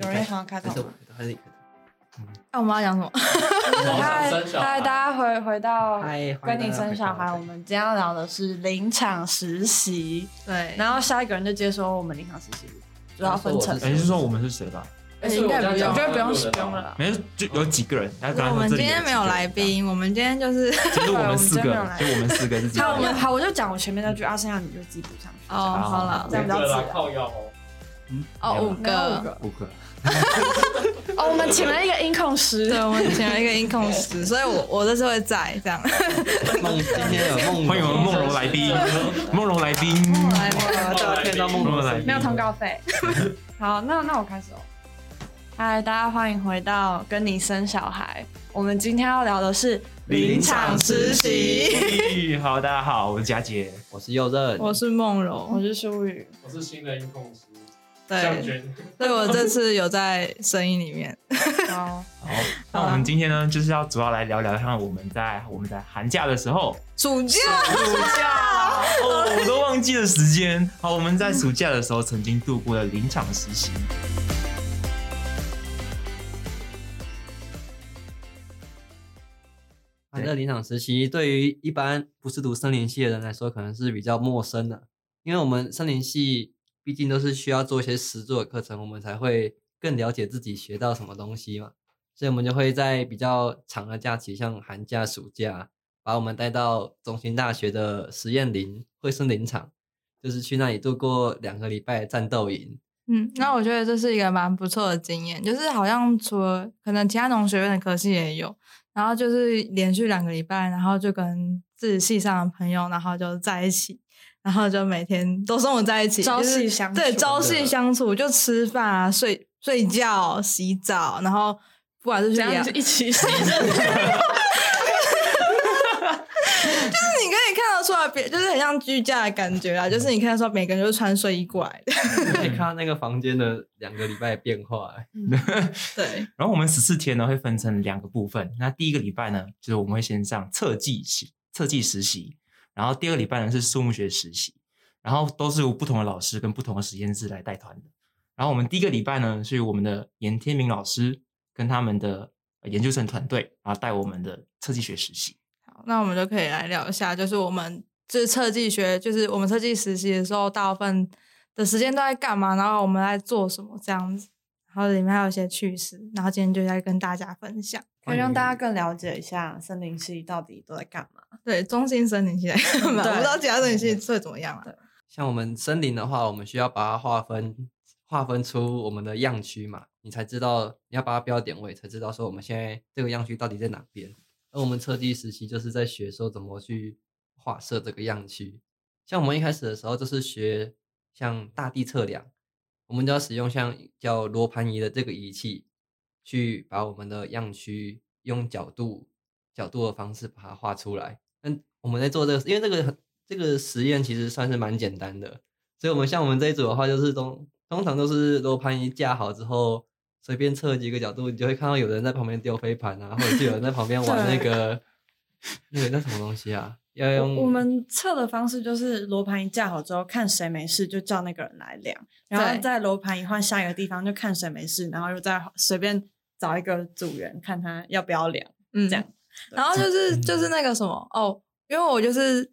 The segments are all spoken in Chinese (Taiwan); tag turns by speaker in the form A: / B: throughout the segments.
A: 有人想要開燈，還
B: 是開燈？那、嗯啊、我們要講什麼？嗨
A: 嗨，大家回回到跟你森小孩。我們今天要聊的是林場實習，對。然後下一個人就接收我們林場實習，就要分成。欸、你是
C: 說我們是誰吧、啊？欸、
D: 應該
C: 不用，我覺得不用使用了。沒事，就有幾個人。我們今天沒
D: 有來賓，我們今天就是只有我們四個。就我們
C: 四個是 好，我
D: 們好，我就講我前面
A: 那句，啊，剩下你就自己補上去。哦、嗯，好了，這樣
C: 比較自然。
A: 哦，五個，
C: 五個，
D: 哦，我們請了一個音控師，對，我們請了一個音控師，所以我我都是會在這樣。
C: 夢，今天有夢，歡迎我們夢柔來賓，夢柔來賓，夢
D: 來夢來，看到夢柔來，沒有通告費。好，那
A: 那我開始了。嗨，大家歡迎回到跟你森小孩。我們今天要聊的是林場實習。
C: 好，大家好，我是佳傑，我是佑任，我
A: 是夢柔，我是舒雨，我是新的音控師。對，所以我這次
D: 有在聲音裡面。
C: 好，那我們今天呢，就是要主要來聊聊一下我們在我們在寒假的時候，
D: 暑假，暑假、 哦、我都忘記了
C: 時間。好，我們在暑假的時候曾經度過了林場實習對、
B: 啊。這個林場實習對於一般不是讀森林系的人來說，可能是比較陌生的，因為我們森林系。畢竟都是需要做一些實作的課程，我們才會更了解自己學到什麼東西嘛。所以我們就會在比較長的假期，像寒假、暑假，把我們帶到中興大學的實驗林、惠蓀林場，就是去那裡度過兩個禮拜的戰鬥營。
D: 嗯，那我覺得這是一個蠻不錯的經驗，就是好像除了可能其他農學院的科系也有，然後就是連續兩個禮拜，然後就跟自己系上的朋友，然後就在一起。然後就每天都生活在一起，朝夕相對，朝夕相處就，就吃飯啊、睡睡覺、洗澡，然後不管是這樣，就一起洗。 就是你可以看得出來別，別就是很像居家的感覺啊。就是你看到說每個人都穿睡衣過來
B: 的，嗯、 看到那個房間的兩個
C: 禮拜的變化。對。 然後我們十四天呢會分成兩個部分，那第一個禮拜呢，就是我們會先上測計實測計實習。然後第二個禮拜呢是樹木學實習，然後都是由不同的老師跟不同的實驗室來帶團的。然後我們第一個禮拜呢是由我們的嚴天明老師跟他們的研究生團隊啊帶我們的測計學實習。
D: 好，那我們就可以來聊一下，就是我們這、就是、測計學，就是我們測計實習的時候，大部分的時間都在幹嘛？然後我們在做什麼這樣子？然後裡面還有一些趣事，然後今天就要跟大家分享，可以讓大家更了解一下森林系到底都在幹嘛。迎對，中興森林系，在幹嘛，我對不知道其他森林系會怎麼樣了、
B: 啊。對對像我們森林的話，我們需要把它劃分劃分出我們的樣區嘛，你才知道你要把它標點位，才知道說我們現在這個樣區到底在哪邊。而我們測地實習就是在學說怎麼去劃設這個樣區，像我們一開始的時候就是學像大地測量。我們就要使用像叫羅盤儀的這個儀器，去把我們的樣區用角度角度的方式把它畫出來。嗯，我們在做這個，因為這個這個實驗其實算是蠻簡單的，所以我們像我們這一組的話，就是通通常都是羅盤儀架好之後，隨便測幾個角度，你就會看到有人在旁邊丟飛盤啊，或者就有人在旁邊玩那個那個、 啊、那什麼東西啊。嗯、我，我
A: 們測的方式就是羅盤一架好之後，看誰沒事就叫那個人來量，然後在羅盤一換下一個地方就看誰沒事，然後又再隨便找一個組員看他要不要量，嗯、這樣。
D: 然後就是就是那個什麼，哦，因為我就是。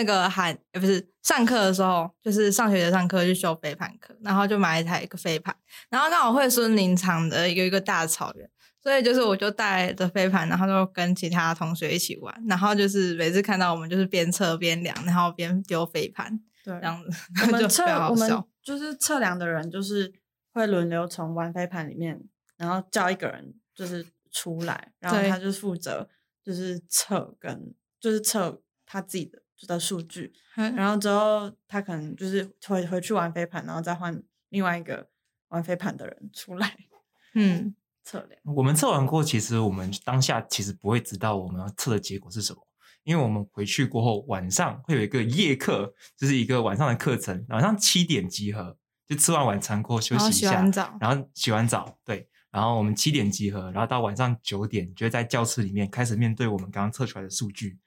D: 那個喊呃、欸、不是上課的時候，就是上學的上課去修飛盤課，然後就買一台一個飛盤，然後剛惠蓀林場的一個一個大草原，所以就是我就帶着飛盤，然後就跟其他同學一起玩，然後就是每次看到我們就是邊測邊量，然後邊丟飛盤，對，這樣子。我們測 我們
A: 就是測量的人就是會輪流從玩飛盤裡面，然後叫一個人就是出來，然後他就負責就是測跟對就是測他自己的的數據，然後之後他可能就是回回去玩飛盤，然後再換另外一個玩飛盤的人出來，嗯，測
C: 量。我們測完過，其實我們當下其實不會知道我們要測的結果是什麼，因為我們回去過後晚上會有一個夜課，就是一個晚上的課程，晚上七點集合，就吃完晚餐過後休息一下，然後，然後洗完澡，對，然後我們七點集合，然後到晚上九點就會在教室裡面開始面對我們剛剛測出來的數據。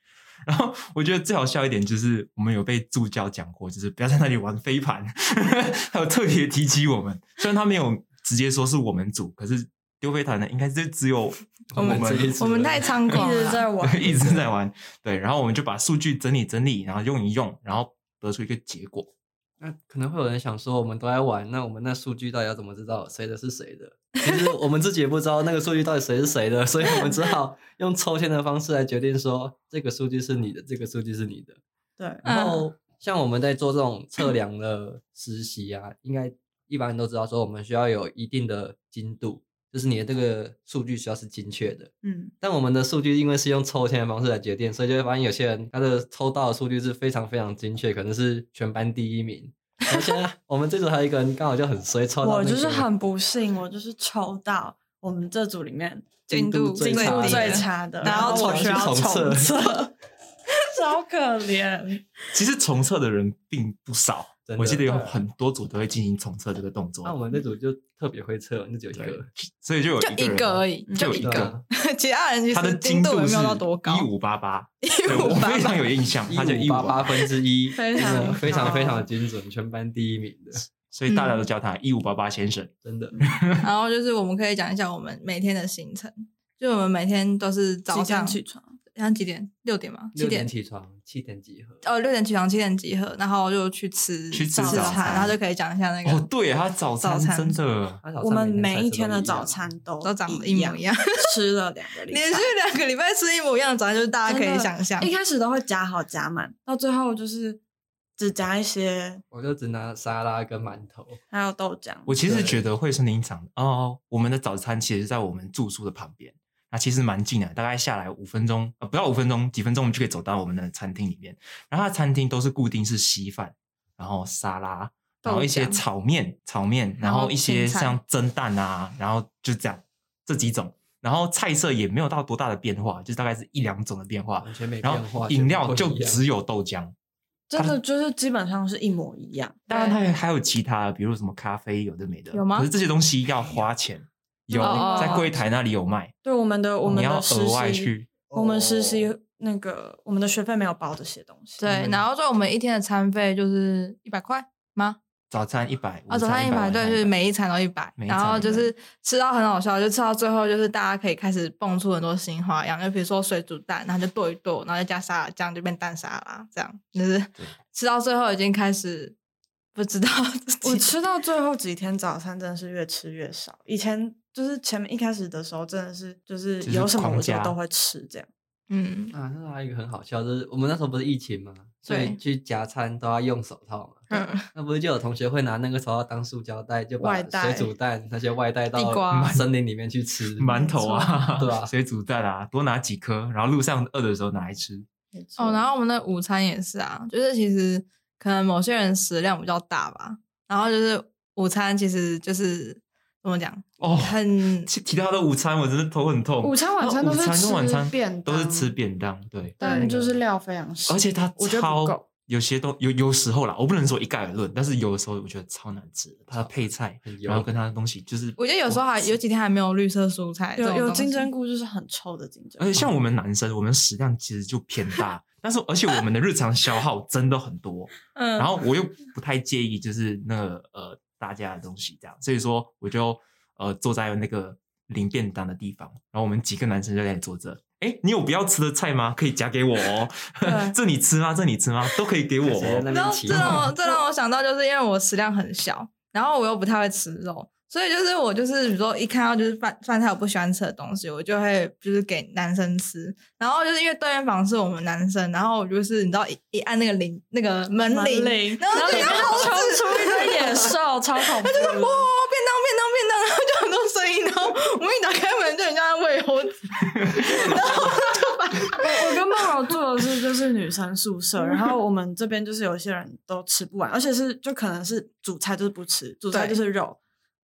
C: 然後我覺得最好笑一點就是我們有被助教講過，就是不要在那裡玩飛盤，呵呵，還有特別提起我們。雖然他沒有直接說是我們組，可是丟飛盤的應該是只有我們，一直我們。我們太猖狂了， 一直在玩，一直在玩。對，然後我們就把數據整理整理，然後用一用，然後
B: 得出一個結果。那可能會有人想說，我們都在玩，那我們那數據大家怎麼知道誰的是誰的？ 其實我們自己也不知道那個數據到底誰是誰的，所以我們只好用抽籤的方式來決定說這個數據是你的，這個數據是你的。
A: 對。然後
B: 像我們在做這種測量的實習啊， 應該一般人都知道說我們需要有一定的精度，就是你的這個數據需要是精確的。嗯。但我們的數據因為是用抽籤的方式來決定，所以就會發現有些人他的抽到的數據是非常非常精確，可能是全班第一名。 而且我們這組還有一個人剛好就很衰，抽到我就是
D: 很不
A: 幸，我就是抽到我們這組裡面精度精度最差的，差的，然後我需要重測，超 可憐憐。
C: 其實重測的人並不少。我記得有很多組都會進行重測這個動作，那了、啊、我們那組就特別會測，那就只有一個，所以就有一個，就一個
D: 而已，就一個，對其他人其實他的精度有沒有到多
C: 高，一五八八，我非常有印象，他就一五八八分之一對，非常非常非常的精準，全班第一名的，所以大家都叫他一五八八先生，真的。
D: 然後就是我們可以講一下我們每天的行程，就我們每天都是早上起床。早上幾點？六點嗎？六點起
B: 床，七點
D: 集合。哦，六點起床，七點集合，然後就去吃去吃早餐，然後就可以講一下那個哦，對，他早早餐真
B: 的。
A: 我們
D: 每一天的早餐都都長得一模一樣，吃了兩個連續兩個禮拜
A: 吃一模一樣的早餐，就是大家可以想象，一開始都會夾好夾滿，
D: 到最後就是
A: 只夾一些，
B: 我就只拿沙拉跟饅頭，
A: 還有豆漿。我其實覺
B: 得惠蓀
C: 林場哦，我們的早餐其實，在我們住宿的旁邊。那、啊、其實蠻近的，大概下來五分鐘，呃、啊，不要五分鐘，幾分鐘我們就可以走到我們的餐廳裡面。然後它的餐廳都是固定是稀飯，然後沙拉，然後一些炒麵，炒麵，然後一些像蒸蛋啊，然後就這樣，這幾種。然後菜色也沒有到多大的變化，就大概是一兩種的變化。完全沒變化。然後飲料就只有豆漿，真的
A: 就是基本上是一模一樣。當然、
C: 嗯、它還有其他，比如什麼咖啡有的沒的，有嗎？可是這些東西要花錢。 哦，在櫃檯那裡有賣。
A: 對，我們的我們的外去
D: 我們實習那個我們的學費沒有包這些東西。對，然後就我們一天的餐費就是一百塊嗎？
C: 早餐一百，啊，早餐一百，對，就是
D: 每一餐都一百。然後就是吃到很好笑，就吃到最後就是大家可以開始蹦出很多新花樣，就比如說水煮蛋，然後就剁一剁，然後再加沙拉醬就變蛋沙拉，這樣就是吃到最後已經開始不知道。我吃到最後幾天早餐真的是越吃
A: 越少，以前。.就是前面一開始的時候，真的是就是有什麼我就
D: 都會
B: 吃這樣，嗯啊，那還有一個很好笑，就是我們那時候不是疫情嘛，所以去夾餐都要用手套嘛，嗯對，那不是就有同學會拿那個手套當塑膠袋，就把水煮蛋外帶那些外帶到森林裡面去吃饅瓜頭啊，對吧，啊？水煮蛋啊，多拿幾顆，
C: 然後路上餓的時候拿來吃。
D: 錯哦，然後我們的午餐也是啊，就是其實可能某些人食量比較大吧，然後就是午餐其實就是。怎
C: 麼講？哦，很提到他的午餐，我真的頭很痛。午餐，晚餐都午餐跟晚餐都是吃便當，對，但就是
D: 料非常少。而且他超
C: 有些都有有時候啦，我不能說一概而論，但是有的時候我覺得超難吃。他的配菜，然後跟他的東西就是，我覺得有時
A: 候還有幾天還沒有綠色蔬菜，有有金針菇就是很臭的金針菇。
C: 而且像我們男生，我們食量其實就偏大，但是而且我們的日常消耗真的很多。嗯，然後我又不太介意，就是那個呃。大家的東西這樣，所以說我就呃坐在那個領便當的地方，然後我們幾個男生就在那裡坐着。哎、欸，你有不要吃的菜嗎？可以夾給我。哦。對 這你吃嗎？這你吃嗎？都可以給我。哦。對這，這讓我
D: 這讓我想到，就是因為我食量很小，然後我又不太會吃肉，所以就是我就是比如說一看到就是飯飯菜我不喜歡吃的東西，我就會就是給男生吃。然後就是因為對面房是我們男生，然後就是你知道一一按那個鈴那個門鈴，然後你剛衝出去。 是超恐怖，他就是哇、哦，便當便當便當！”然後就很多聲音，然後我一打開門，就人家在餵我， 然後我就
A: 把我跟夢柔住的是就是女生宿舍，然後我們這邊就是有些人都吃不完，而且是就可能是主菜就是不吃，主菜就是肉，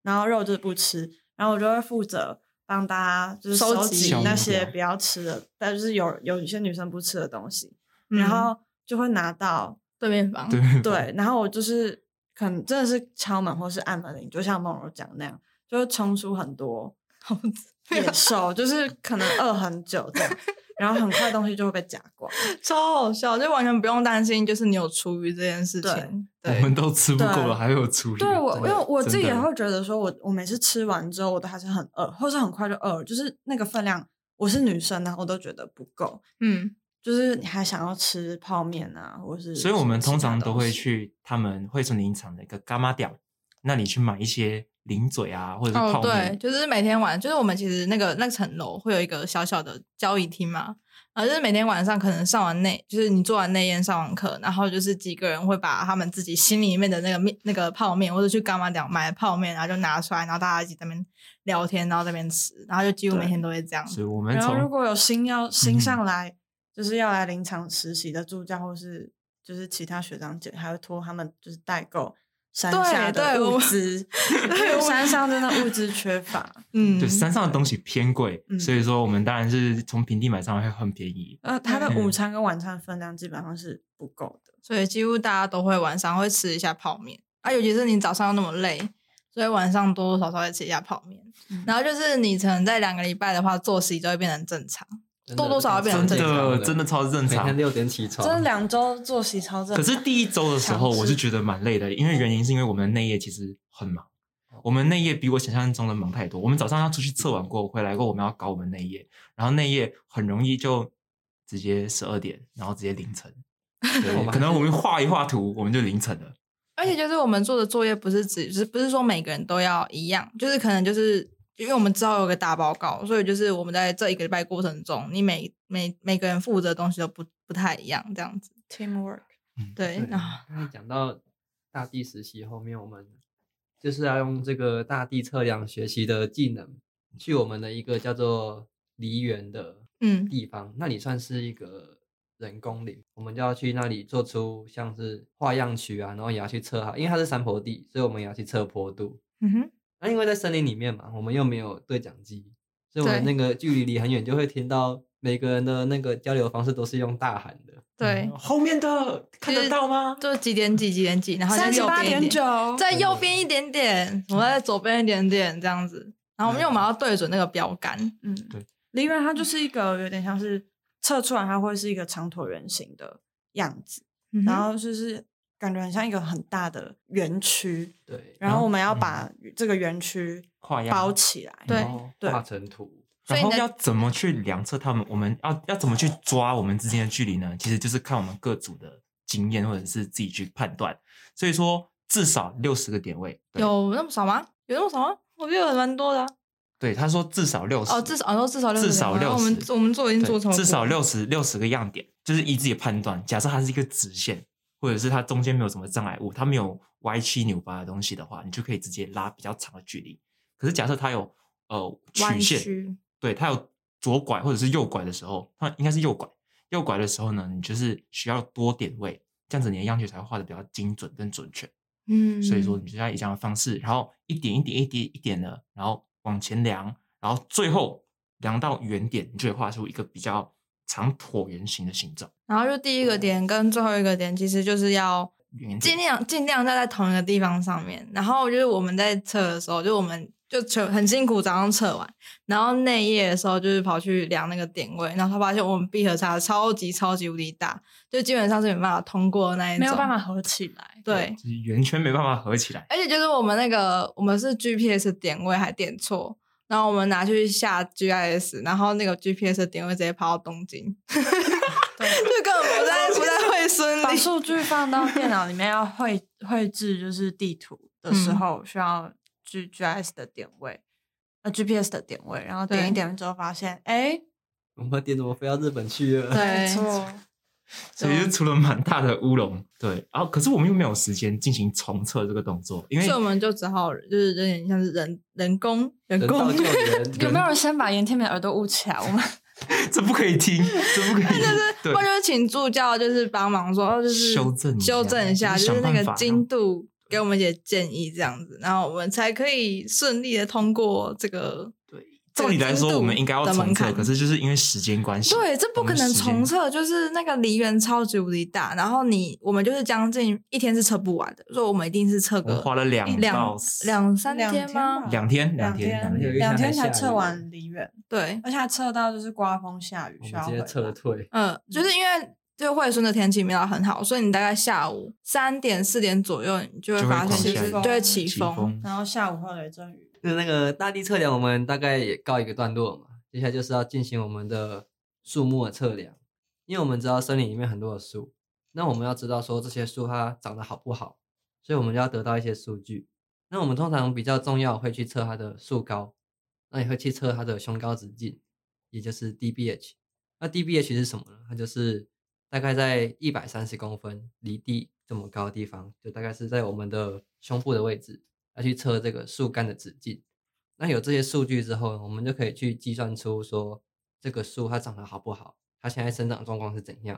A: 對然後肉就是不吃，然後我就會負責幫大家就是收集那些不要吃的，嗯、但就是有有一些女生不吃的東西，然後就會拿到對面房，對，然後我就是。可能真的是敲門或是按門鈴，就像夢柔講那樣，
D: 就衝出很多猴子 就是可能餓很久這樣， 然後很快的東西就會被夾光，超好笑，就完全不用擔心，就是你有廚餘這件事情。對對我
C: 們都吃不夠了，對還有廚餘。對我，對因為我自己也
D: 會覺得說我，我的我每次
A: 吃完之後，我都還是很餓，或是很快就餓，就是那個分量，我是女生，啊，然後我都覺得不夠，嗯。就是你還想要吃泡麵啊，或是？所以，我們通
C: 常都會去他們惠蓀林場的一個 Gamma 店，那裡去買一些零嘴啊，或者是泡麵。哦，對，
D: 就是每天晚，就是我們其實那個那層樓會有一個小小的交誼廳嘛，啊、呃，就是每天晚上可能上完內，就是你做完內宴上完課，然後就是幾個人會把他們自己心裡面的那個麵、那個泡麵，或者去 Gamma 店買泡麵，然後就拿出來，然後大家一起在那邊聊天，然後在那邊吃，然後就幾乎每天都會這樣。所以我們然後如果有新要新上
A: 來。嗯就是要來林場實習的助教，或是就是其他學長姐，還會托他們就是代購山下的物資。啊。對，因為山上真的物資缺乏。我嗯，對，山
C: 上的東西偏貴，對，所以說我們當然是從平地買，上會很便宜。嗯、呃，
D: 他的午餐跟晚餐分量基本上是不夠的，所以幾乎大家都會晚上會吃一下泡麵啊，尤其是你早上那麼累，所以晚上多多少少會吃一下泡麵。嗯、然後就是你可能在兩個禮拜的話，作息就會變成正常。多多少少變成的真的，真
C: 的超正常。每天六點起床，真
D: 的兩周作息超正常。可是
C: 第一周的時候，我是覺得蠻累的。制因為原因是因為我們內業其實很忙，嗯、我們內業比我想象中的忙太多。嗯、我們早上要出去測完過，嗯、回來過我們要搞我們內業。然後內業很容易就直接十二點，然後直接凌晨。可能我們畫一畫圖，我們就凌晨了。
D: 而且就是我們做的作業，不是只，不是說每個人都要一樣，就是可能就是。因為我們之後有個大報告，所以就是我們在這一個禮拜過程中，你每每每個人負責的東西都不不太一樣，這樣子。Teamwork，、嗯、對。
B: 那、嗯、講到大地實習後面，我們就是要用這個大地測量學習的技能，去我們的一個叫做梨園的嗯地方，嗯、那裡算是一個人工林，我們就要去那裡做出像是畫樣區啊，然後也要去測哈，因為它是山坡地，所以我們也要去測坡度。嗯哼。那、啊、因為在森林裡面嘛，我們又沒有對講機，所以我們那個距離離很遠，就會聽到每個人的那個交流方式都是用大喊的。
D: 對，嗯、後面的看得到嗎？就幾點幾，幾點幾，然後在右邊一點，38.9，在右邊一點點，對對對，我在左邊一點點這樣子。然後我們因為我們要對準那個標杆，對嗯，
A: 對，因為它就是一個有點像是測出來它會是一個長橢圓形的樣子，嗯、哼然後就是。感覺很像一個很大的園區，對。然後,然後我們要把這個園區
C: 包起來，
A: 樣
B: 對，畫成圖。
A: 對然後要
C: 怎麼去量測他們？我們要、啊、要怎麼去抓我們之間的距離呢？其實就是看我們各組的經驗，或者是自己去判斷。所以說至少六十個點位，有
D: 那麼少嗎？有那麼少嗎？我覺得蠻多的、啊。
C: 對，他說至少六十、哦。
D: 哦，至少哦、啊，至少六十、啊。至少六十我們我們做已經做超。至少六
C: 十六十個樣點，就是以自己的判斷。假設它是一個直線。或者是它中間沒有什麼障礙物，它沒有歪七扭八的東西的話，你就可以直接拉比較長的距離。可是假設它有呃曲線，歪七，對，它有左拐或者是右拐的時候，它應該是右拐。右拐的時候呢，你就是需要多點位，這樣子你的樣線才會畫的比較精準跟準確。嗯，
D: 所以說
C: 你就要以這樣的方式，然後一點一點、一滴一點的，然後往前量，然後最後量到原點，你就會畫出一個比較。長橢圓形的形狀，
D: 然後就第一個點跟最後一個點，其實就是要儘量儘點量站在同一個地方上面。然後就是我們在測的時候，就我們就很辛苦，早上測完，然後內夜的時候就是跑去量那個點位，然後他發現我們閉合差超級超級無敵大，就基本上是沒辦法通過那一種，沒有辦法合起來，對，
C: 圓圈沒辦法合起來，
D: 而且就是我們那個我們是 GPS 點位還點錯。然後我們拿去下 GIS，然後那個 GPS 的點位直接跑到東京，嗯、就根本不在不在惠荪裡。把數據放到電腦裡面，
A: 要繪繪制就是地圖的時候，需要 GIS、嗯、的點位，那、呃、GPS 的點位，然後點一點之後發現，哎，
B: 誒我們點怎麼飛到
C: 日本去了？對。
D: 所以就
C: 出了蠻大的烏龍，對，然、啊、後可是我們又沒有時間進行重測這個動作，因為，所以我們
D: 就只好就是有點像是人人工人工，人工人有沒有人先把嚴天明耳朵捂起來？我們
C: 這不可以聽，這不可以，哎、就是或者
D: 對請助教就是幫忙說就是修正修正一下，一下嗯、就是那個精度、啊、給我們一些建議這樣子，然後我們才可以順利的通過這個。
C: 照理來說，我們應該要重測，可是就是因為時間關係，
D: 對，這不可能重測，就是那個梨園超級無敵大，然後你我們就是將近一天是測不完的，所以我們一定是測個花了兩兩兩三天嗎？兩天，兩天，
C: 兩天才測完梨園，
D: 對，而且還測到就是颳風下雨，直接撤退，嗯，就是因為就惠蓀的天氣沒有很好，所以你大概下午三點四點左右你就會發現，對，起風，然後下午會有雷陣雨。
B: 就那個大地測量，我們大概也告一個段落嘛，接下來就是要進行我們的樹木的測量，因為我們知道森林裡面很多的樹，那我們要知道說這些樹它長得好不好，所以我們就要得到一些數據。那我們通常比較重要會去測它的樹高，那也會去測它的胸高直徑，也就是 DBH。那 DBH 是什麼呢？它就是大概在一百三十公分離地這麼高的地方，就大概是在我們的胸部的位置。去測這個樹幹的直徑，那有這些數據之後，我們就可以去計算出說這個樹它長得好不好，它現在生長狀況是怎樣，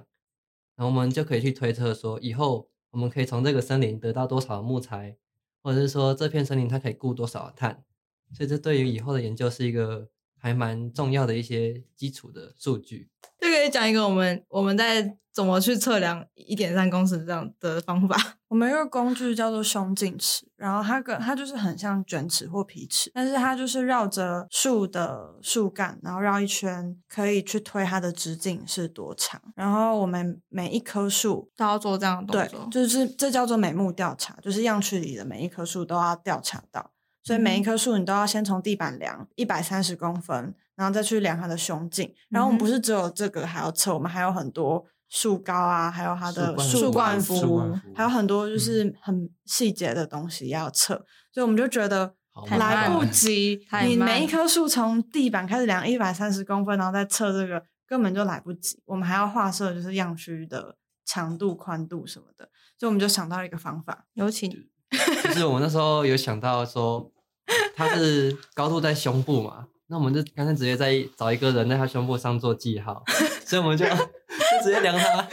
B: 然後我們就可以去推測說以後我們可以從這個森林得到多少的木材，或者是說這片森林它可以固多少的碳，所以這對於以後的研究是一個還蠻重要的一些基礎的數據。
D: 可以講一個我們我們在怎麼去測量一點三公尺這樣的方法。
A: 我們用工具叫做胸徑尺，然後它個，它就是很像卷尺或皮尺，但是它就是繞着樹的樹幹，然後繞一圈，可以去推它的直徑是多長。然後我們每一棵樹都要做這樣的動作，對，就是這叫做每木調查，就是樣區裡的每一棵樹都要調查到。所以每一棵樹你都要先從地板量一百三十公分，然後再去量它的胸徑。然後我們不是只有這個還要測，我們還有很多樹高啊，還有它的樹冠幅，還有很多就是很細節的東西要測。所以我們就覺得好來不及，你每一棵樹從地板開始量一百三十公分，然後再測這個根本就來不及。我們還要畫設就是樣區的長度、寬度什麼的，所以我們就想到了一個方法，有請。
B: 就是我們那時候有想到說，他是高度在胸部嘛，那我們就乾脆直接在找一個人在他胸部上做記號，所以我們就，就直接量他，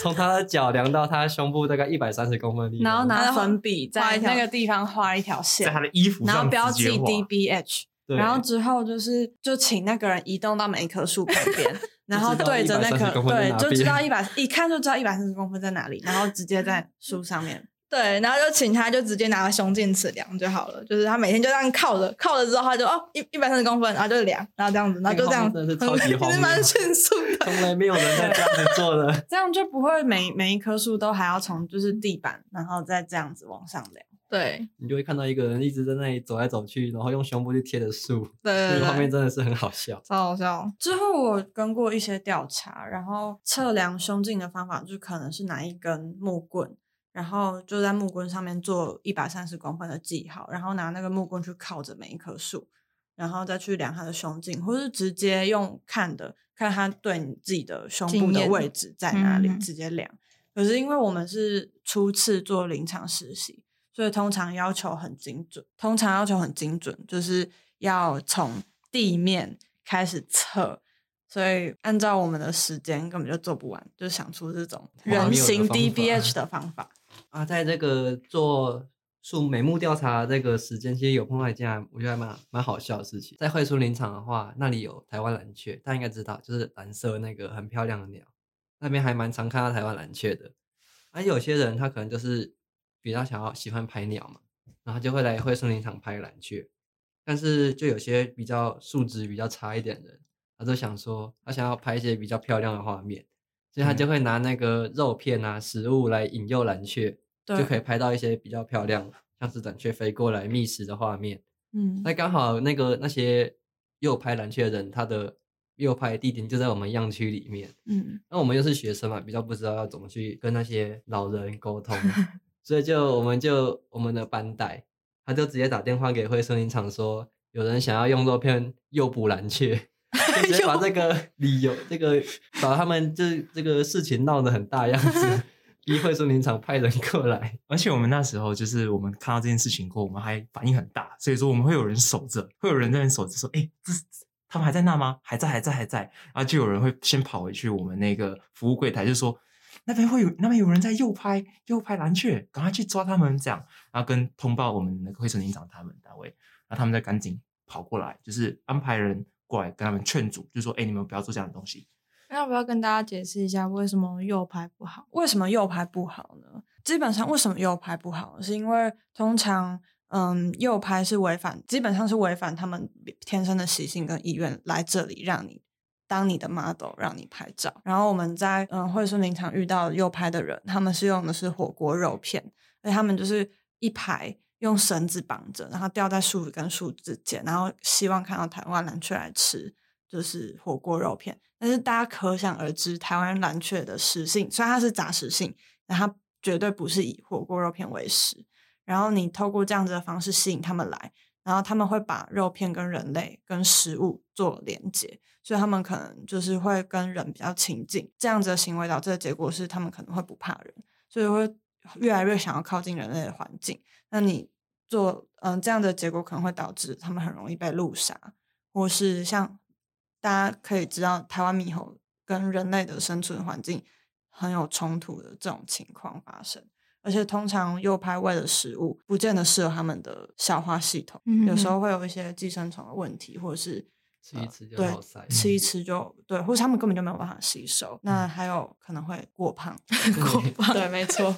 B: 從他的腳量到他的胸部大概一百三十公分。然後拿
A: 着粉筆在那個地方畫一條線，然後在，線在他的衣服上然後標記 DBH 對。然後之後就是就請那個人移動到每一棵樹旁邊，然後對着那棵就對就知道一
D: 百一看就知道一百三十公分在哪裡，然後直接在樹上面。對，然後就請他，就直接拿個胸徑尺量就好了。就是他每天就這樣靠着，靠着之後他就哦，一一百三十公分，然後就量，然後這樣子，然後就這樣，欸、是超級方便，嗯，級蠻迅速的。從
B: 來沒有人在這樣子做的，
A: 這樣就不會每每一棵樹都還要從就是地板，然後再這樣子往上量。對，
B: 你就會看到一個人一直在那裡走來走去，然後用胸部去貼着樹，這個對對對，畫面真的是很好笑，
A: 超好笑。之後我跟過一些調查，然後測量胸徑的方法，就可能是拿一根木棍。然後就在木棍上面做一百三十公分的記號，然後拿那個木棍去靠着每一棵樹，然後再去量它的胸徑，或是直接用看的，看它，對你自己的胸部的位置在哪裡，直接量。嗯嗯，可是因為我們是初次做林場實習，所以通常要求很精準，通常要求很精準，就是要從地面開始測，所以按照我們的時間根本就做不完，就想出這種人形 DBH 的方法。啊，
B: 在這個做樹每木調查這個時間，其實有碰到一件我覺得蠻蠻好笑的事情。在惠蓀林場的話，那裡有台灣藍雀，大家應該知道，就是藍色那個很漂亮的鳥。那邊還蠻常看到台灣藍雀的。而、啊、有些人他可能就是比較想要喜歡拍鳥嘛，然後就會來惠蓀林場拍藍雀。但是就有些比較素質比較差一點的人，他就想說他想要拍一些比較漂亮的畫面，所以他就會拿那個肉片啊、嗯、食物來引誘藍雀。對就可以拍到一些比較漂亮，像是藍雀飛過來覓食的畫面。嗯，那剛好那個那些誘拍藍雀的人，他的誘拍地點就在我們樣區裡面。嗯，那我們又是學生嘛，比較不知道要怎麼去跟那些老人溝通，嗯、所以就我們就我們的班代，他就直接打電話給惠蓀林場說，有人想要用肉片誘捕藍雀，直接把這個理由，哎、呦這個把他們這 這個事情鬧得很大樣子。一惠蓀林場派人過來，
C: 而且我們那時候就是我們看到這件事情過後，我們還反應很大，所以說我們會有人守着，會有人在那守着，說：“哎、欸，這，他們還在那嗎？還在，還在，還在。”然後就有人會先跑回去我們那個服務櫃檯，就說：“那邊會有，那邊有人在右拍右拍藍雀，趕快去抓他們。”這樣，然後跟通報我們那個惠蓀林場他們單位，然後他們再趕緊跑過來，就是安排人過來跟他們勸阻，就說：“哎、欸，你們不要做這樣的東西。”
A: 要不要跟大家解釋一下為什麼誘拍不好？為什麼誘拍不好呢？基本上，為什麼誘拍不好，是因為通常，嗯，誘拍是違反，基本上是違反他們天生的習性跟意願，來這裡讓你當你的 model，讓你拍照。然後我們在，嗯，惠蓀林場遇到誘拍的人，他們是用的是火鍋肉片，所以他們就是一排用繩子綁着，然後吊在樹跟樹之間，然後希望看到台灣藍鵲出來吃，就是火鍋肉片。但是大家可想而知，台灣藍鵲的食性雖然它是雜食性，但它絕對不是以火鍋肉片為食。然後你透過這樣子的方式吸引他們來，然後他們會把肉片跟人類跟食物做連結，所以他們可能就是會跟人比較親近。這樣子的行為導致的結果是，他們可能會不怕人，所以會越來越想要靠近人類的環境。那你做嗯這樣的結果可能會導致他們很容易被路殺，或是像。大家可以知道，台灣獼猴跟人類的生存環境很有衝突的這種情況發生，而且通常又拍餵的食物不見得適合他們的消化系統，嗯嗯有時候會有一些寄生蟲的問題，或者是吃一吃就、呃、對，嗯、吃一吃就對，或者他們根本就沒有辦法吸收。嗯、那還有可能會過胖，嗯、過胖，對， 對，沒錯。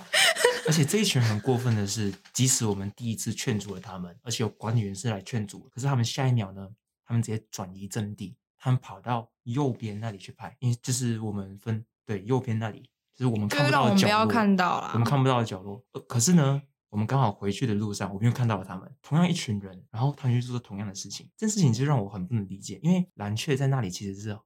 C: 而且這一群很過分的是，即使我們第一次勸阻了他們，而且有管理員是來勸阻，可是他們下一秒呢，他們直接轉移陣地。他們跑到右邊那裡去拍，因為就是我們分，對，右邊那裡，就是我們看不到的角落。我們，我們看不到的角落。呃，可是呢，我們剛好回去的路上，我們又看到了他們同樣一群人，然後他們去做同樣的事情。這事情就讓我很不能理解，因為藍雀在那裡其實是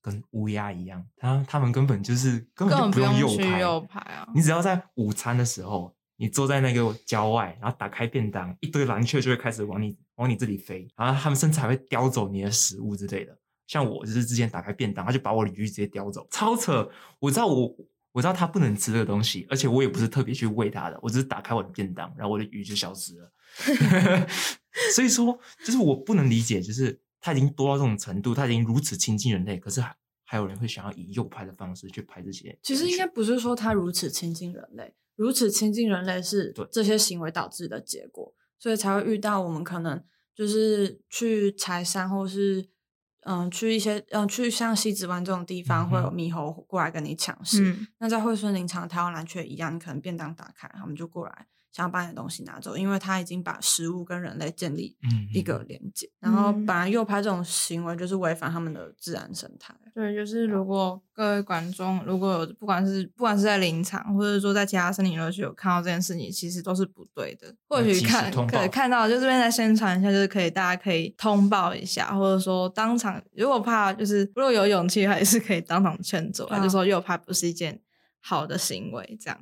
C: 跟烏鴉一樣，它他們根本就是根本就不用右拍，不用右拍啊！你只要在午餐的時候，你坐在那個郊外，然後打開便當，一堆藍雀就會開始往你往你這裡飛，然後他們甚至還會叼走你的食物之類的。像我就是之前打開便當，他就把我的魚直接叼走，超扯！我知道我我知道他不能吃這個東西，而且我也不是特別去餵他的，我只是打開我的便當，然後我的魚就消失了。 所以說，就是我不能理解，就是他已經多到這種程度，他已經如此親近人類，可是還，還有人會想要以誘拍的方式去拍這些。其
A: 實應該不是說他如此親近人類，嗯、如此親近人類是這些行為導致的結果，對所以才會遇到我們可能就是去柴山或是，嗯，去一些嗯，去像西子灣這種地方，嗯、哼會有獼猴過來跟你搶食。嗯、那在惠蓀林場，台灣藍鵲也一樣，你可能便當打開，然後我們就過來想要把你的東西拿走，因為他已經把食物跟人類建立一個連接。嗯嗯，然後把誘拍這種行為就是違反他們的自然生態。
D: 對，就是如果各位觀眾，樣如果有不管是不管是在林場，或者說在其他森林遊樂區有看到這件事情，其實都是不對的。那或許看可以看到，就這邊再宣傳一下，就是可以大家可以通報一下，或者說當場，如果怕就是如果有勇氣，還是可以當場勸阻，啊、就說誘拍不是一件好的行為，這樣。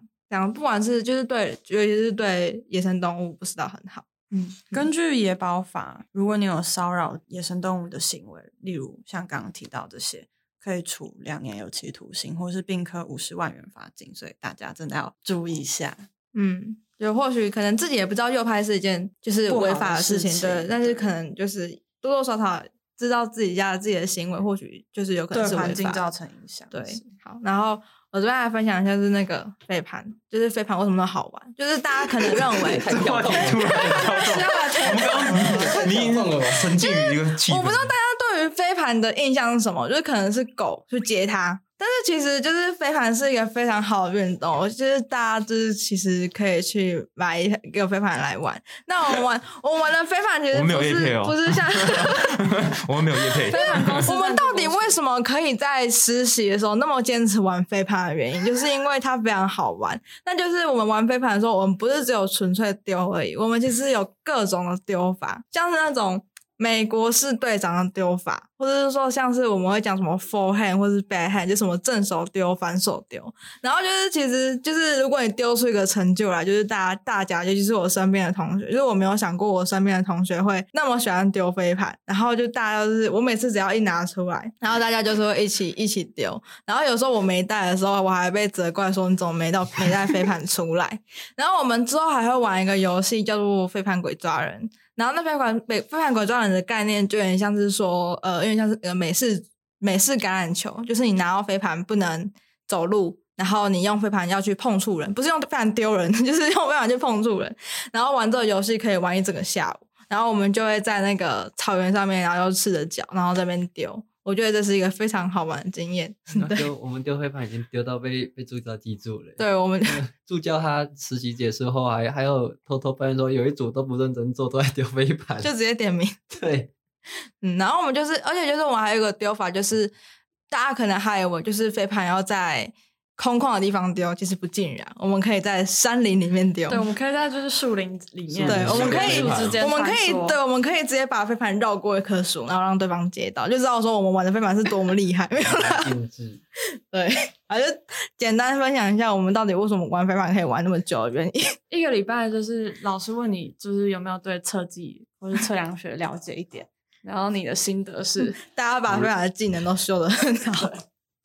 D: 不管是就是對，尤其是對野生動物，不是到很好。嗯，嗯根據《野保法》，
A: 如果你有騷擾野生動物的行為，例如像剛剛提到這些，可以處兩年有期徒刑，或是併科五十萬元罰金。所以大家真的要注意一下。
D: 嗯，就或許可能自己也不知道，誘拍是一件就是違法的事情。事情對，但是可能就是多多少少知道自己家的自己的行為，或許就是有可能對環境造成影響。對，好，然後。我跟大家分享一下，就是那個飛盤，就是飛盤為什麼都好玩？就是大家可能認為很跳動，跳動， 跳動。 你弄我不知道大家對於飛盤的印象是什麼，就是可能是狗去接它。其實就是飛盤是一個非常好的運動，就是大家就是其實可以去買一個飛盤來玩。那我們玩，我玩的飛盤其實不是，不是像
C: 我們沒有業配，哦、是 配。 飛盤公司，我
D: 們到底為什麼可以在實習的時候那麼堅持玩飛盤的原因就是因為它非常好玩。那就是我們玩飛盤的時候，我們不是只有純粹丟而已，我們其實有各種的丟法，像是那種。美國是隊長的丟法，或者是說像是我們會講什麼 forehand 或者 backhand，就什麼正手丟、反手丟。然後就是其實就是如果你丟出一個成就來，就是大家大家，尤其是我身邊的同學，就是我沒有想過我身邊的同學會那麼喜歡丟飛盤。然後就大家就是我每次只要一拿出來，然後大家就說一起一起丟。然後有時候我沒帶的時候，我還被責怪說你怎麼沒帶沒帶飛盤出來。 然後我們之後還會玩一個遊戲，叫做飛盤鬼抓人。然後那飛盤、被飛盤鬼抓人的概念就有點像是說，呃，有點像是呃美式美式橄欖球，就是你拿到飛盤不能走路，然後你用飛盤要去碰觸人，不是用飛盤丟人，就是用飛盤去碰觸人。然後玩這個遊戲可以玩一整個下午。然後我們就會在那個草原上面，然後又赤着腳，然後在那邊丟。我覺得這是一個非常好玩的經驗。嗯、對，
B: 我們丟飛盤已經丟到被被助教記住了。對我們、嗯、助教，他實習結束後還還有偷偷抱怨說，有一組都不認真做，都在丟飛盤，就
D: 直接點名。
B: 對，
D: 嗯，然後我們就是，而且就是我們還有一個丟法，就是大家可能還有我，就是飛盤要在。空曠的地方丟，其實不盡然。我們可以在山林裡面丟。對，我們可以在就是樹林裡面。林對，我們可以，好我們可以，好對，我們可以直接把飛盤繞過一棵樹，然後讓對方接到，就知道說我們玩的飛盤是多麼厲害， 沒有啦。對，好、啊，就簡單分享一下我們到底為什麼玩飛盤可以玩那麼久的原因。
A: 一個禮拜就是老師問你，就是有沒有對測技或者測量學了解一點，
D: 然後你的心得是，大家把飛盤的技能都修得很好。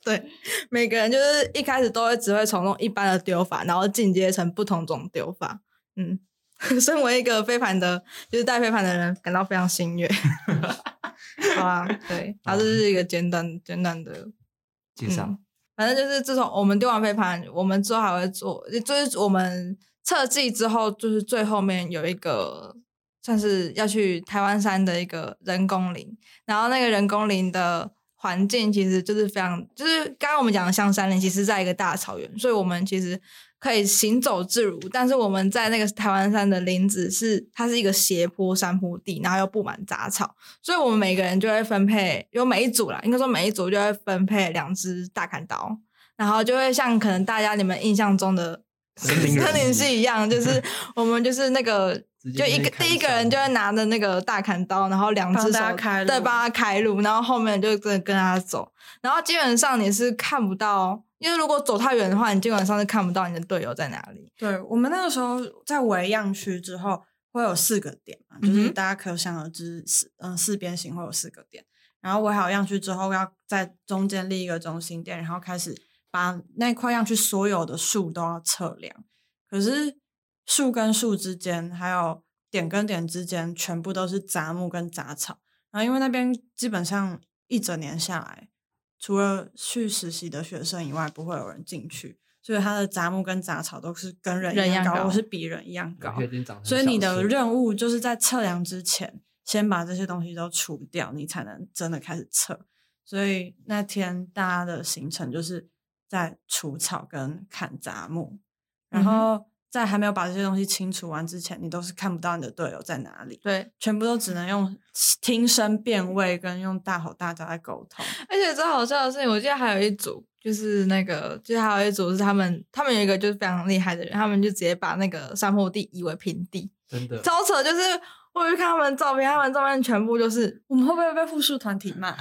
D: 對，每個人就是一開始都會只會從那種一般的丟法，然後進階成不同種丟法。嗯， 身為一個飛盤的，就是帶飛盤的人，感到非常喜悅。 好啊，對，然後這是一個簡短、啊、簡短的、嗯、介紹。反正就是，自從我們丟完飛盤，我們之後還會做，就是我們測計之後，就是最後面有一個算是要去台灣杉的一個人工林，然後那個人工林的。環境其實就是非常，就是剛剛我們講的像山林，其實在一個大草原，所以我們其實可以行走自如。但是我們在那個台灣山的林子是，它是一個斜坡山坡地，然後又布滿雜草，所以我們每個人就會分配，有每一組啦，應該說每一組就會分配兩只大砍刀，然後就會像可能大家你們印象中的森林是一樣，就是我們就是那個。就一個，第一個人就會拿着那個大砍刀，然後兩隻手大家開對，幫他開路，然後後面就跟跟他走。然後基本上你是看不到，因為如果走太遠的話，你基本上是看不到你的隊友在哪裡。
A: 對，我們那個時候在圍樣區之後會有四個點，嘛，嗯、哼就是大家可想而知四、呃，四嗯四邊形會有四個點。然後圍好樣區之後，要在中間立一個中心點，然後開始把那塊樣區所有的樹都要測量。可是。樹跟樹之間，還有點跟點之間，全部都是雜木跟雜草。然後，啊，因為那邊基本上一整年下來，除了去實習的學生以外，不會有人進去，所以它的雜木跟雜草都是跟人一樣高，樣高我是比人一樣高。所以你的任務就是在測量之前，先把這些東西都除掉，你才能真的開始測。所以那天大家的行程就是在除草跟砍雜木，然後。嗯在還沒有把這些東西清除完之前，你都是看不到你的隊友在哪裡。對，全部都只能用聽
D: 聲辨位，跟用大吼大叫來溝通。而且最好笑的事情，我記得還有一組，就是那個，就是還有一組是他們，他們有一個就是非常厲害的人，他們就直接把那個山坡地夷為平地。真的？超扯！就是我去看他們照片，他們照片全部就是，我們會不會被複數團體罵？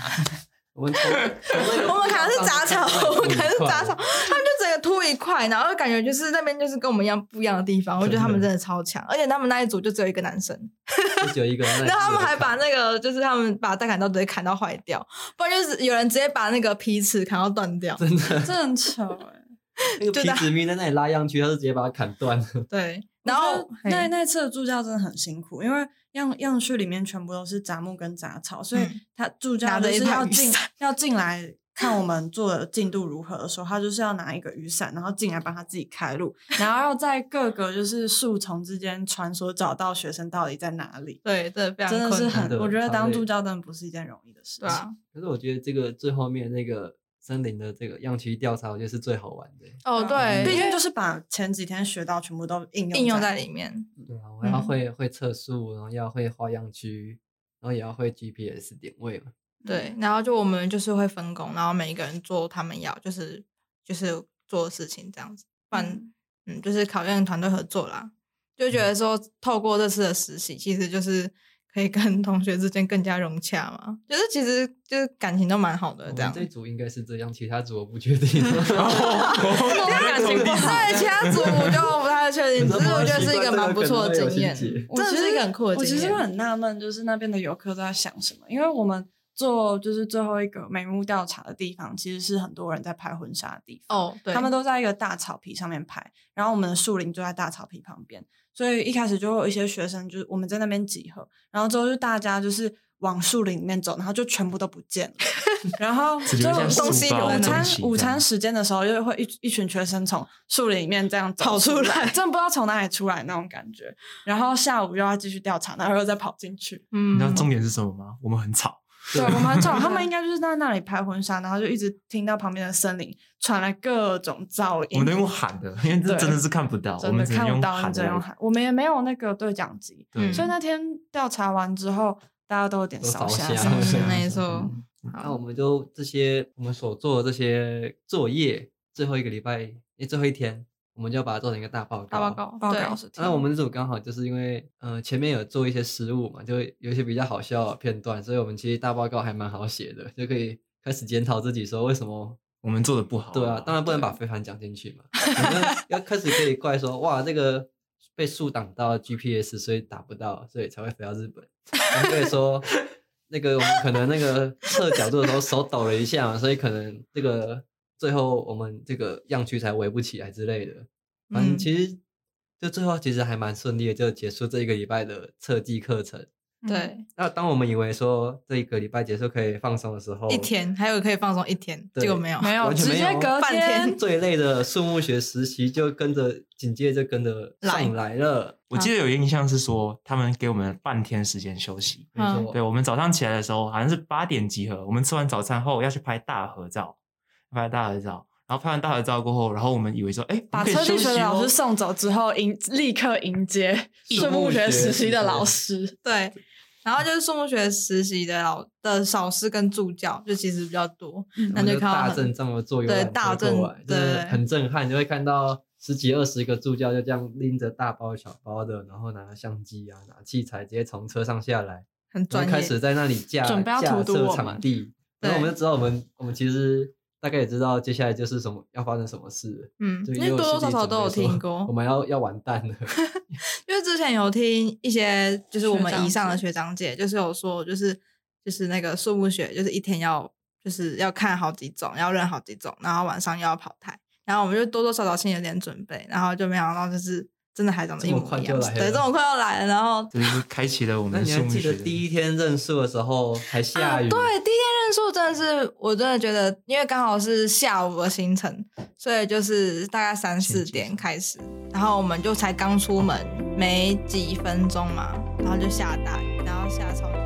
D: 我們可能是雜草，我們可能是雜草。嗯 禿一塊，然後感覺就是那邊就是跟我們一樣不一樣的地方，的我覺得他們真的超強，而且他們那一組就只有一個男生，
B: 只有一個。然後 他們還把
D: 那個就是他們把大砍刀直接砍到壞掉，不然就是有人直接把那個皮尺砍到斷掉。真的，這很巧哎、欸。就 個皮尺在那
B: 裡拉樣區，他就直接把它砍斷了。
D: 對，
A: 然後那一那次的助教真的很辛苦，因為樣樣區裡面全部都是雜木跟雜草，所以他助教就是要進、嗯、要進來。 看我們做的進度如何的時候，他就是要拿一個雨傘，然後進來幫他自己開路，然後要在各個就是樹叢之間穿梭，找到學生到底在哪裡。對對，對真的是很，我覺得當助教真的不是一件容易的事情。
B: 對可、啊、是我覺得這個最後面那個森林的這個樣區調查，我覺得是最好玩的、欸。
A: 哦，對，畢、嗯、竟就是把前幾天學到全部都應用應用在
D: 裡面。對
B: 啊，我要會、嗯、會測樹然後要會畫樣區，然後也要會 GPS 點位嘛對，
D: 然後就我們就是會分工，然後每一個人做他們要就是就是做的事情，這樣子，不然嗯，就是考驗團隊合作啦。就覺得說，透過這次的實習，其實就是可以跟同學之間更加融洽嘛，就是其實就是感情都蠻好的這樣。我們這一
B: 組應該是這樣，其他組我不確
D: 定。感 對，其他組我就不太確定。其實 我覺得
A: 是一個蠻不錯的經驗，這其實是一個很酷的經驗。我其實很納悶，就是那邊的遊客都在想什麼，因為我們。做就是最後一個每木調查的地方，其實是很多人在拍婚紗的地方。哦，oh, 對，他們都在一個大草皮上面拍，然後我們的樹林就在大草皮旁邊，所以一開始就有一些學生，就是我們在那邊集合，然後之後就大家就是往樹林裡面走，然後就全部都不見了。 然後就東西午餐 午餐時間的時候，又會一一群學生從樹林裡面這樣出跑出來， 真的不知道從哪裡出來那種感覺。然後下午又要繼續調查，然後又再跑進去。嗯，你
C: 知道重點是什麼嗎？我們很吵。我們很吵，他
A: 們應該就是在那裡拍婚紗，然後就一直聽到旁邊的森林傳來各種噪音。我們都用喊
C: 的，因為這真的是看不到，我們看不到，用喊。
A: 我們也沒有那個對講機，所以那天調查完之後，大家都有點沙啞。
B: 那
D: 時候，
A: 那
B: 我們就這些我們所做的這些作業，最後一個禮拜，誒，最後一天。我們就要把它做成一個大報告。
D: 大報告，對。那我們
B: 這組剛好就是因為，呃，前面有做一些失誤嘛，就有一些比較好笑的片段，所以我們其實大報告還蠻好寫的，就可以開始檢討自己說，為什麼我們做的不好、啊。對啊，當然不能把飛盤講進去嘛，對要開始可以怪說， 哇，那、這個被樹擋到 GPS，所以打不到，所以才會飛到日本。所以說， 那個我們可能那個測角度的時候手抖了一下嘛，所以可能這個。最後我們這個樣區才圍不起來之類的，嗯、反正其實就最後其實還蠻順利的，就結束這一個禮拜的測計課程。
D: 對、
B: 嗯，那當我們以為說這一個禮拜結束可以放鬆的時候，一天
D: 就還有可以放鬆一天，對結果沒有，沒有，直接隔天
B: 最累的樹木學實習就跟着緊接着跟着上來
C: 了。我記得有印象是說他們給我們半天時間休息，嗯、對我們早上起來的時候好像是八點集合，我們吃完早餐後要去拍大合照。拍大合照，然後拍完大合照過後，然後我們以為說，哎，把車地學的老師
D: 送走之後，迎立刻迎接樹木學實習的老師，對，然後就是樹木學實習的老的老師跟助教，就其實比較多，那就靠大陣
B: 仗的作用，對，大陣，對，很震撼，就會看到十幾二十個助教就這樣拎着大包小包的，然後拿相機啊，拿器材，直接從車上下來，很專業，開始在那裡架架設場地，然後我們就知道我們我們其實。大概也知道接下來就是什麼要發生什麼事，嗯，因為多多少少都有聽過，我們要要完蛋
D: 了，因 為 之前有聽一些就是我們以上的學長姐，就，就是有說就是就是那個樹木學就是一天要就是要看好幾種，要認好幾種，然後晚上又要跑台，然後我們就多多少少先有點準備，然後就沒想到就是真的還長得一,一這麼快就來對，這麼快就來了，然後
B: 就是開啟了我們的樹木學，那你要記得第一天認樹的時候還下雨。啊，
C: 對，
D: 第一天認。是真的是，是我真的覺得，因為剛好是下午的行程，所以就是大概三四點開始，然後我們就才剛出門，沒幾分鐘嘛，然後就下大雨，然後下超。